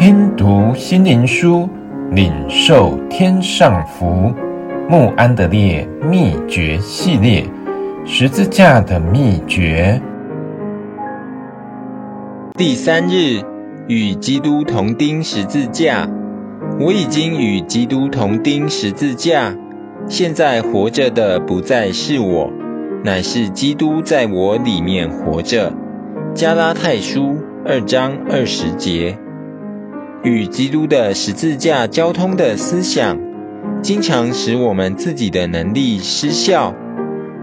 聽讀心靈書，領受天上福。慕安德烈秘訣系列，《十字架的秘訣》第三日，與基督同釘十字架。我已經與基督同釘十字架，現在活着的不再是我，乃是基督在我裡面活着。加拉太書二章二十節。與基督的十字架交通的思想，經常使我們自己的能力失效，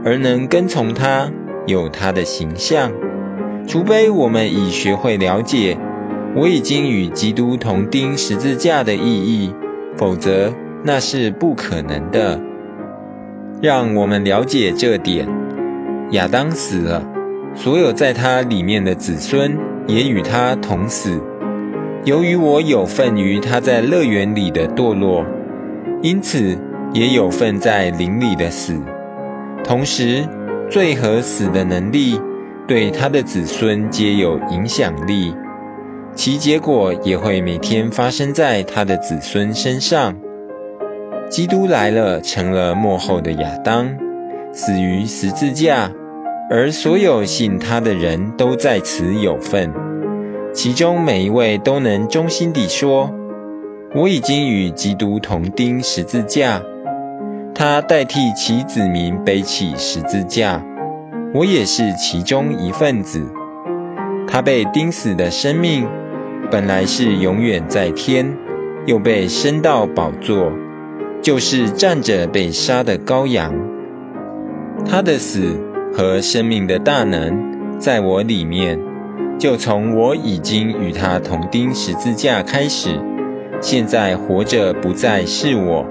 而能跟從他，有他的形象，除非我們已學會了解，我已經與基督同釘十字架的意義，否則那是不可能的。讓我們了解這點：亞當死了，所有在他裡面的子孫也與他同死。由於我有份於他在樂園裡的墮落，因此也有份在靈裡的死。同時，罪和死的能力對他的子孫皆有影響力，其結果也會每天發生在他的子孫身上。基督來了，成了末後的亞當，死於十字架，而所有信他的人都在此有份。其中每一位都能衷心地說：“我已經與基督同釘十字架。”他代替其子民背起十字架，我也是其中一份子。他被釘死的生命，本來是永遠在天，又被升到寶座，就是站着被殺的羔羊。他的死和生命的大能，在我裡面。就從我已經與他同釘十字架開始，現在活着不再是我，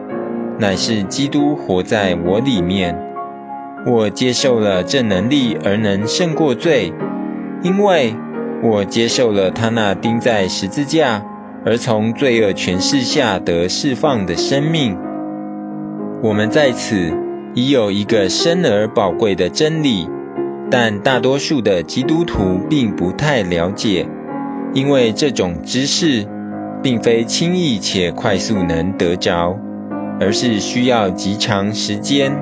乃是基督活在我裡面。我接受了這能力而能勝過罪，因為我接受了他那釘在十字架而從罪惡權勢下得釋放的生命。我們在此已有一個深而寶貴的真理。但大多數的基督徒並不太了解，因為這種知識並非輕易且快速能得着，而是需要極長時間，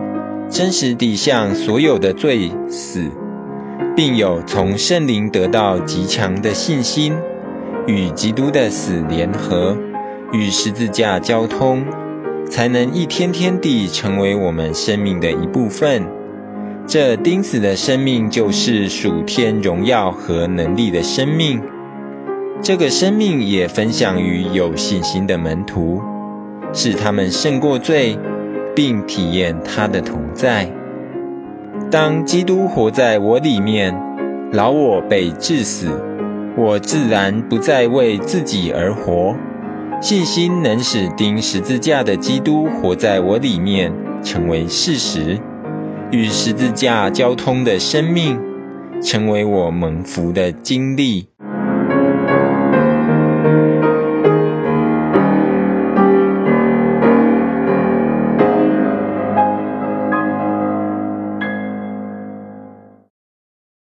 真實地向所有的罪死，並有從聖靈得到極強的信心，與基督的死聯合，與十字架交通，才能一天天地成為我們生命的一部分。這釘死的生命就是屬天榮耀和能力的生命。這個生命也分享於有信心的門徒，使他們勝過罪，並體驗他的同在。當基督活在我裡面，老我被治死，我自然不再為自己而活。信心能使釘十字架的基督活在我裡面，成為事實。與十字架交通的生命，成為我蒙福的經歷。